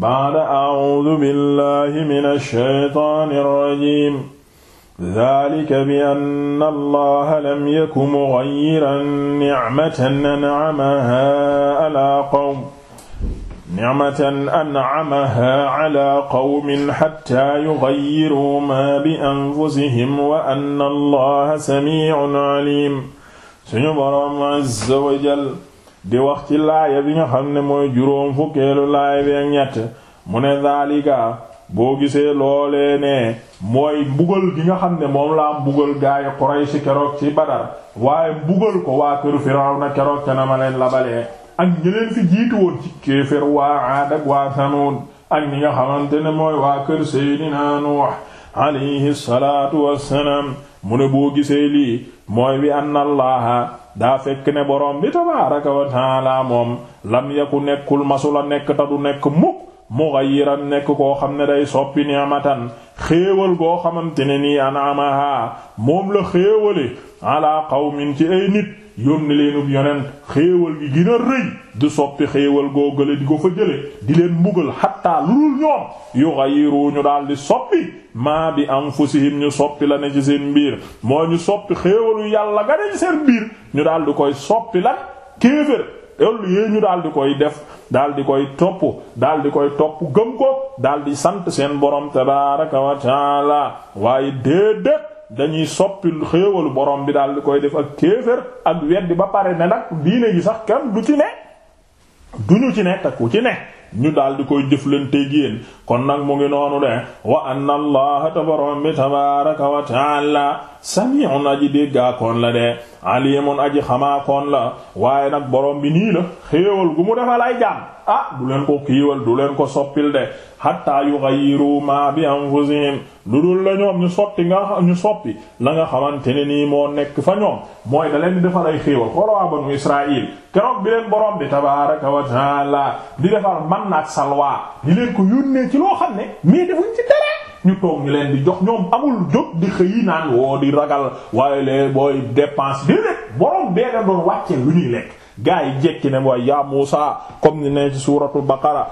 baada acuudu billahi min alshaytaani alrajim dalika bi ann allaha lam yaku mugayiran nicmatan ancamaha ala qawm nicmatan ancamaha ala qawmin xatta yugayiruu ma bi anfusihim wa ann allaha samicun calim suñu boroom azza wa jal di wax ci laaya bi nga xam ne mooy juróom fukkeelu laaya bi ñett mu ne zaalika boo gisee loolee ne mooy mbugal gi nga xam ne moom laa mbugal gaaya Quraysh keroog ci Badar waaye mbugal ko waa kër Firawna keroog ca na ma leen labalee ak ñi leen fi jiitu woon ci kéefér waa Aad ak ak ñi nga xamante ne mooy waa kër Seydina Nuux alayhi salaatu wassalaam mu ne boo gisee lii mooy wi anna daa fekk ne borom bi tabaaraka wa taala moom lam nekkul masula nekk ta du nekk mukk mughayyiran nekk koo xam ne day soppi ni'matan xéewal goo xamante ne nii anaamaha moom la xéewale ala qawmin ci ay nit yónni leenub yonent xéewal gi gën rëy du soppi xéewal googale di ko fa jële di leen mbugal xattaa lulul ñoom yughayyiru ñu daal di soppi maa bi anfusihim ñu soppi la ne ci seen mbiir moo ñu soppi xéewalu yàlla ga ne ci seen mbiir ñu daal di koy soppi la kéefër ëll yee ñu daal di koy def daal di koy topp daal di koy topp gëm ko daal di sant seen borom tabaaraka wa taala waaye déedéet dañuy soppi xéewalu borom bi daal di koy def ak kéefër ak weddi ba pare ne nag diine gi sax kenn du ci ne duñu ci ne te ku ci ne ñu daal di koy jëflanteeg yéen kon nag mu ngi noonu de wa anna allaha tabarom bi tabaraka wa taala sami'un aji déggaakoon la de alimun aji xamaakoon la waaye nag borom bi nii la xéewal gu mu defal ay jaam ah du leen ko kiiwal du leen ko soppil de hatta yughayyiru ma bi anfusihim lu dul la ñoom ñu sotti nga ñu soppi la nga xamante ne nii moo nekk fa ñoom mooy da leen di defal ay xéewal xoolawaa banu Israil keroog bi leen borom bi tabaraka wa taala di defal man naak salwa di leen ko yónnee ci loo xam ne mais defuñ ci dara ñu toog ñu leen di jox ñoom amul jóg di xëyi naan woo di ragal waaye lee booy dépense déedéet borom bee nga doon wàccee lu ñuy lekk gaa yi jekki ne waaye yaa Muusa comme ni ne ci suuratul Baqara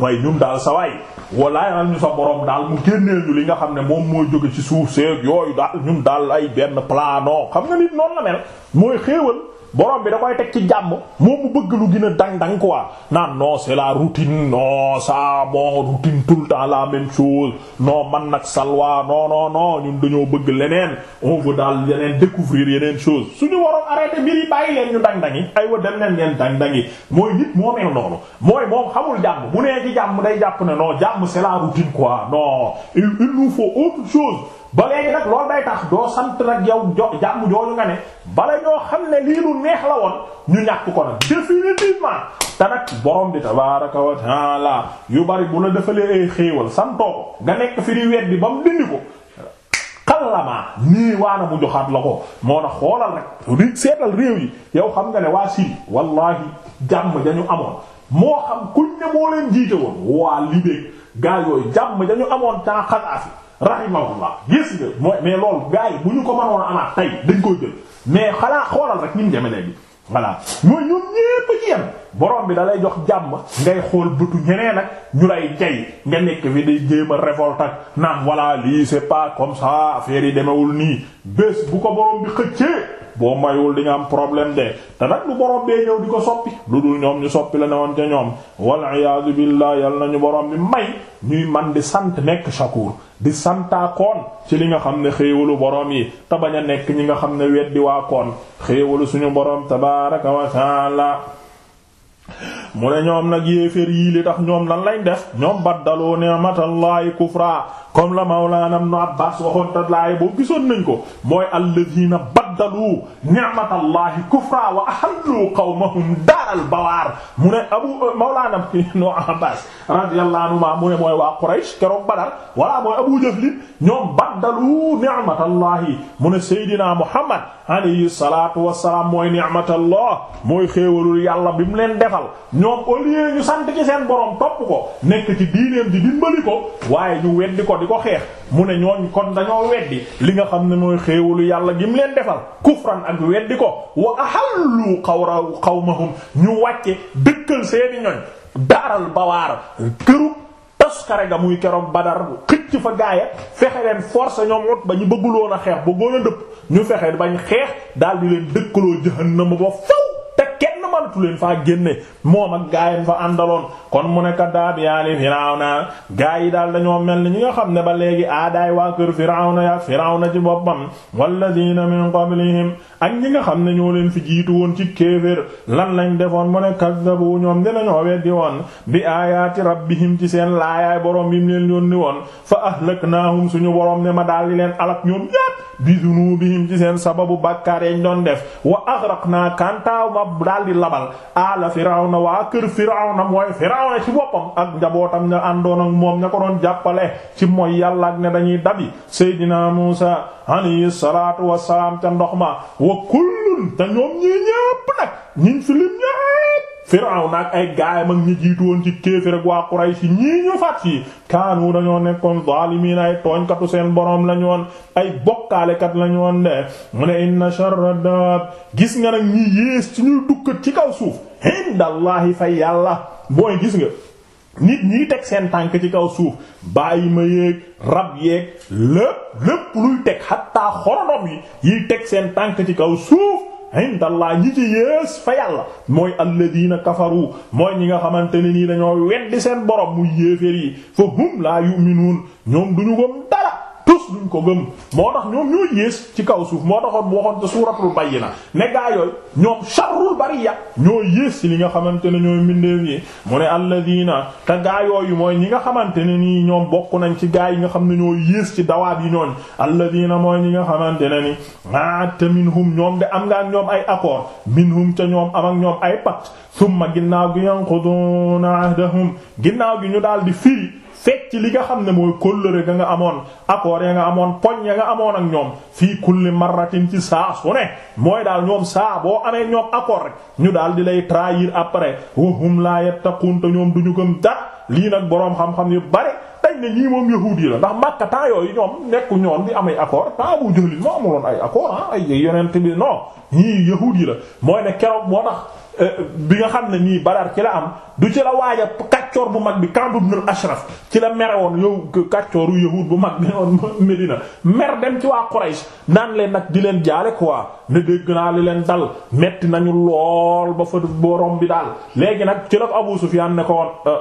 waaye daal sa waay walaay am ñu sa borom daal mu génneel ñu li nga xam ne moom moo jóge ci suuf seeg yooyu daal ñun daal ay benn plan non xam nga nit noonu la mel mooy xéewal borom bi da koy teg ci jàmm moom mu bëgg lu gën a dang-dang quoi naan non c'est la routine non ça bon routine tout le temps la même chose non man nag salwa non non non ñun dañoo bëgg leneen on veut daal yeneen découvrir yeneen chose suñu waroon arrêté mbir yi bàyyi leen ñu dang-dang ay wa dem leen ngeen dang-dang yi mooy nit moo mel noonu mooy moom xamul jàmm bu nee ci jàmm day jàpp ne non jàmm c'est la routine quoi non il nous faut ba léegi nag loolu day tax doo sant nag yow jo jàmm jooju nga ne bala ñoo xam ne lii lu neex la woon ñu ñàkk ko nag définitivement te nag borom di tabaaraka wa yu bari bu la defalee xéewal santoo ko nga nekk fi di weddi ba mu dindi ko xallamaa nii waana mu joxaat la ko moo tax xoolal rek seetal réew yi yow xam nga ne waa Syrie wallahi jàmm dañu amoon moo xam kuñ ne moo leen jiite woon waa Libye gaa yooyu jàmm dañu amoon temps Kadhafi rahimahullah gis nga mooy mais loolu gars yi bu ñu ko mënoon a amaat tey dañ koy jël mais xalaa xoolal rek ni mu demee léegi voilà mooy ñun ñépp ci yem borom bi dalay jox jàmm ngay xool bëtu ñeneen ak ñu lay jay nga nekk fi day jéem a révolte ak naan voilà lii c'est pas comme ça affaire yi demewul nii bés bu ko borom bi xëccee. boo mayul di nga am problème de te nag lu borom bee ñëw di ko soppi lu dul ñoom ñu soppi la ne woon ca ñoom wal iyaadu billah yal nañu borom bi may ñuy man di sant nekk shakur di santaakoon ci li nga xam ne xéewalu boroom yi te bañ a nekk ñi nga xam ne weddi waa koon xéewalu suñu boroom tabaaraka wa taala mu ne ñoom nag yéeféer yii li tax ñoom lan lañ def ñoom baddaloo ni'matallahi kufra comme la mawlaana ibn Abbaas waxoon ta laay boo gisoon nañ ko mooy alladhiina baddalu ni'matallahi kufra wa ahallu qawmahum daaral bawaar mu ne abu mawlaana ibn Abbaas radiyallahu anhuma mu ne mooy waa Quraysh keroog Badar wala mooy Abu Jahl ñoom baddalu ni'matallahi mu ne Seydina Muhammad alayhi salaatu wassalaam mooy ni'matallah mooy xéewalul yàlla bi mu leen defal ñoom au lieu ñu sant ci seen borom topp ko nekk ci diineem di dimbali ko waaye ñu weddi ko di ko xeex mu ne ñooñ kon dañoo weddi li nga xam ne nooy xéewalu yàlla gim leen defal kufran ak weddi ko xaw wa xaw ma qawmahum ñu wàcce dëkkal seeni ñoñ daaral bawaar këru toskare ga muy keroog badar xëcc fa gaaya fexe leen force ñoom wut ba ñu bëgguloon a xeex bëggoon a dëpp ñu fexe bañ xeex daal di leen dëkkaloo jahannama ba faw te mënatu leen faa génne moom ak gaayam fa àndaloon kon mu ne kaddaab yaali firawna gaay yi daal dañoo mel ni ñi nga xam ne ba léegi aadaay waa kër firawna ya firawna ci boppam walladina min qablihim ak ñi nga xam ne ñoo leen fi jiitu woon ci kéeféer lan lañ defoon mu ne kaddabu ñoom dinañoo weddi woon bi aayaati rabbihim ci seen laayaay boroom yim leen yónni woon fa ahlaknaahum suñu boroom ne ma daal di leen alak ñoom bi dunubihim ci seen sababu bàkkaar yañ doon def wa aghraqna kantaaw ma daal di labal ala firawna waa kër firawna mooy firawna ci boppam ak njabootam nga àndoon moom ña ko doon jàppale ci mooy yàlla ak ne dañuy dabi seydina Muusa alayhi salaatu wassalaam ca ndox ma wa kullun te ñoom ñi ñépp nag ñiñ fi Firawna ak ay gaayam ak ñi woon ci kéefër ak waa Quraysh ñii ñu faat yi kaanu dañoo nekkoon zaalimiin ay tooñkatu seen boroom lañu ay bokkaalekat lañu woon de mu ne inna sharra daab gis nga nag ñi yées ci ñuy dukkat ci kaw suuf indallahi fa yàlla mooy gis nga nit ñi teg seen tànk ci kaw suuf bàyyi ma yéeg rab yeeg lépp lépp luy teg xattaa xorodom yi yi teg seen tànk ci kaw suuf indallah ñi ci yées fa yàlla mooy alladina kafaru mooy ñi nga xamante ne nii dañoo weddi seen borom muy yéeféer yi fa hum laa yu'minuun ñoom duñu gëm tus ko gëm moo tax ñoom ñoo yées ci kaw suuf moo taxoon mu waxoon te suuratul bayyina ne gaa yooyu ñoom sharrul bariya ñoo yées ci li nga xamante ne ñooy mbindeef yi mu ne alladina te gaa yooyu mooy ñi nga xamante ne nii ñoom bokk nañ ci gaa yi nga xam ne ñoo yées ci dawaab yi ñooñ alladina mooy ñi nga xamante ne ni aata minhum ñoom de am nga ak ñoom ay accord minhum ca ñoom am ak ñoom ay pacte summa ginnaaw gi yanquduna ahdahum ginnaaw gi ñu daal di firi fecc li nga xam ne mooy kóllëre ga nga amoon accord ya amoon poñ ya amoon ak ñoom fii kulli marratin ci saa su ne mooy daal ñoom saa boo amee ñoom accord rek ñu daal di lay trahir après wa hum la yattaqun te ñoom duñu gëm dara lii nag boroom xam-xam yu bare dañ ne ñii moom yahuud yi la ndax Makka temps yooyu ñoom nekku ñoon di am ay accord temps Abu Jahl moo amuloon ay accord ah ay yonent bi non ñii yahuud yi la mooy ne keroog moo tax Euh, bi nga xam ne nii Badar ci la am du ci la waaja kaccoor bu mag bi Ka'b ibn ashraf ci la mere woon yow kaccooru yahud bu mag bi ne woon Medina mer dem ci waa Quraysh naan leen nag di leen jaale quoi ne dégg naa li leen dal metti nañu lool ba fa borom bi daal léegi nag ci la Abu Sufyan ne ko woon euh,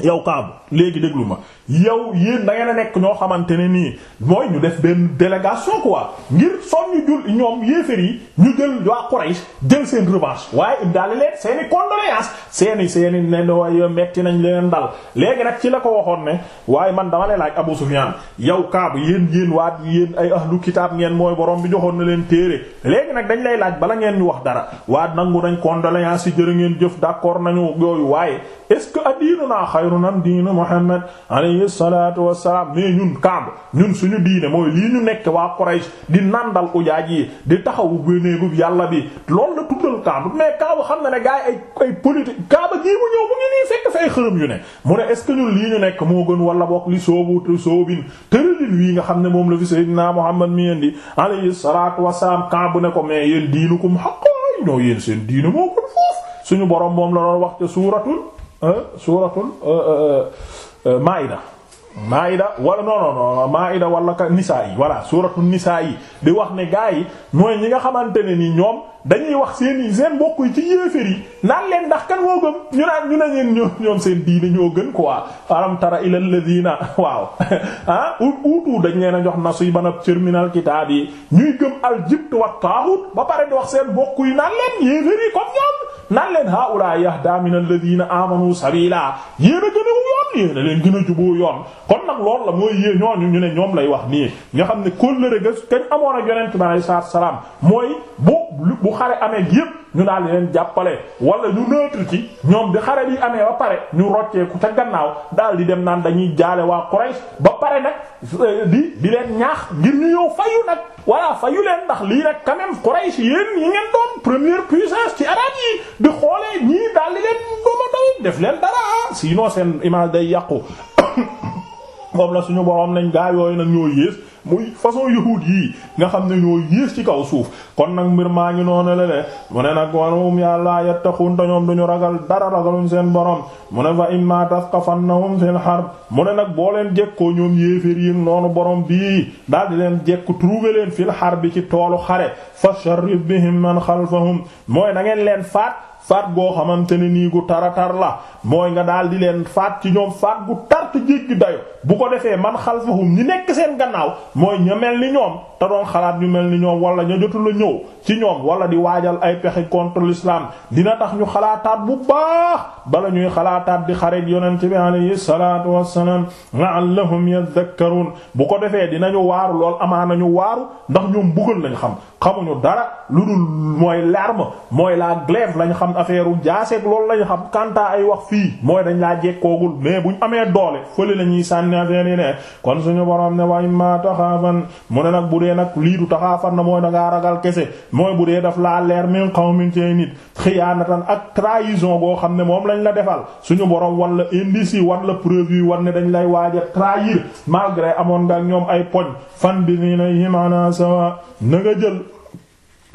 yow Kaabu léegi déglu ma yow yéen da ngeen a nekk ñoo xamante ne nii mooy ñu def benn délégation quoi ngir son ñu jul ñoom yéefar yi ñu jël ko Quraysh jël seen revanche waaye indaale leen seen i condoléances seen i seen i ne metti nañ leen dal léegi nag ci la ko waxoon ne waaye man dama lee laaj Abu Sufyaan yow Kaabu yéen yéen waat yen ay ahlu kitaab ngeen mooy borom bi joxoon na leen téere léegi nag dañ lay laaj bala ngeen ñu wax dara waa nangu nañ condoléances yi jërë ngeen jëf d'accord nañu yooyu xayru nam diinu Muhammad alayhi salaatu wassalaam mais ñun Kaab ñun suñu diine mooy lii ñu nekk waa Quraysh di nandal ujaaj yi di taxawu bénéegu yàlla bi loolu la tuddal Kaab mais Kaab xam na ne gars yi ay ay politique Kaaba gii mu ñëw mu ngi nii fekk fa ay xërëm yu ne mu ne est-ce que ñun lii ñu nekk moo gën wala bokk li soobu soobin tëralin wii nga xam ne moom la fi Seydina Muhammad mi indi alayhi salaatu wassalaam Kaab ne ko mais yéen diinukum haqqan ñoo yéen seen diinu moo gën foofu suñu borom moom la doon wax te suuratul Euh, suuratul euh, euh, Maïda Maïda wala non non non Maïda wala ka nisaa yi voilà suuratul nisaa yi di wax ne gaa yi mooy ñi nga xamante ne ni ñoom dañuy wax seen i seen mbokk yi ci yéeféer yi naan leen ndax kan woo gëm ñu naan ñu ne leen ñoom ñoom seen diine ñoo gën quoi alam tara ilal ladina waaw ah uutu dañ leen a jox nasiban ab terminal kitaab yi ñuy gëm al jibt wa ba pare di wax seen bokk yi naan leen yéeféer yi comme ñoom. naan leen haula yahda min alladhina amanu sabila yéen a gën a yoon yéen a leen gën a juboo yoon kon nag loolu la mooy yée ñooñu ñu ne ñoom lay wax nii nga xam ne kóllëre ga kañ amoon ak yonent bi alayhi salaatu salaam mooy bu bu xare amee yépp ñu daal leen jàppale wala ñu neutre ci ñoom di xare bi amee ba pare ñu rocceeku ca gannaaw daal di dem naan dañuy jaale waa Quraysh ba pare nag di di leen ñaax ngir ñu yow fayu nag voilà fayu leen ndax lii nag quand même Quraysh yéen ñi ngeen doon première puissance ci arab yi di xoolee ñii daal di leen dooma doy def leen dara ah sinon seen image day yàqu moom la suñu borom nañ gaa yooyu na ñoo yées mu façon yahuud yii nga xam ne ñoo yées ci kaw suuf kon nag mbir maa ngi noonu la de mu ne nag wanhum yàllaa yattaqun te ñoom duñu ragal dara ragaluñ seen borom mu ne fa imma tasqafannahum fil xar mu ne nag boo leen jekkoo ñoom yéefér yi noonu borom bii daal di leen jekku trouver leen fil bi ci toolu xare fa sharrif bihim man xalfahum mooy na ngeen leen faat faat goo xamante ne nii gu taratar la mooy nga daal di leen faat ci ñoom faat gu tar te jéggi dayo bu ko defee man xal xalfahum ñi nekk seen gannaaw mooy ña mel ni ñoom te doon xalaat ñu mel ni ñoom wala ña jotul a ñëw ci ñoom wala di waajal ay pexe contre l'islam dina tax ñu xalaataat bu baax bala ñuy xalaataat di xarit yonent bi alayhi salaatu wassalaam la'allahum yadhakkarun bu ko defee dinañu waaru lool na ñu waaru ndax ñoom bëggal lañ xam xamuñu dara lu dul la am affaire u jaaseeg loolu lañu xam kanta ay wax fii mooy dañ laa jekkoogul mais buñ amee doole fële la ñuy sànni affaire kon suñu borom ne way ma taxaafan mu ne nag bu dee nag lii du taxaafan na mooy da ragal kese mooy bu dee daf laa leer min qawmin ci nit xiyaanatan ak trahison boo xam ne moom lañ la defal suñu borom wan la indice wan la preuve yi wan dañ lay waaja trahir malgré amoon nga ñoom ay poñ fan bi nii na yimaana sawa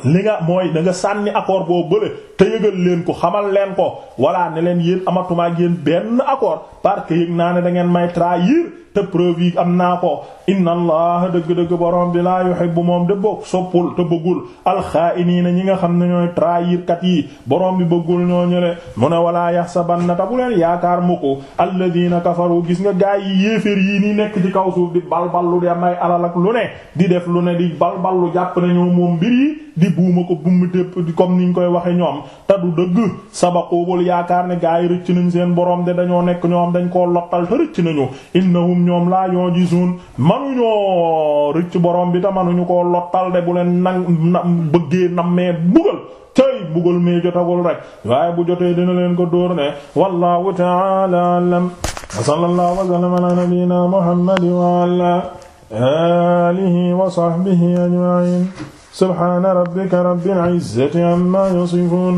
li nga mooy da nga sànni accord boo bële te yëgal leen ko xamal leen ko walla ne leen yéen amatumaa yéen benn accord parce que yëg naa ne da ngeen may trahir te preuve yi am naa ko inna allah dëgg-dëgg borom bi laa yuhibbu moom de bokk soppul te bëggul alxaa'iniina ñi nga xam ne ñooy trahir kat yi borom bi bëggul ñoo ñële mu ne walaa yaxsabanna ta bu leen yaakaar mu ko alladiina kafaru gis nga gaay yi yéeféer yii nii nekk ci kaw suuf di balballu di am ay alal ak lu ne di def lu ne di balballu jàpp nañu moom mbir yi di buuma ko bumu dépp di comme ñu koy waxe ñoom te du dëgg sabaqu bul yaakaar ne gaa yi rëcc nañ seen borom de dañoo nekk ñoo dañ ko lottal te rëcc nañu innahum ñoom laa yoo gisun manuñoo rëcc borom bi te manuñu koo lottal de bu leen nang bëggee nammee bugal tey bugal mee jotagul rek waaye bu jotee dina leen ko dóor ne wallahu ta'ala alam wa sallallahu wa sallama ala nabiyyina muhammad wa ala alihi wa sahbihi ajma'in subhana rabbika rabbil izzati amma yasifun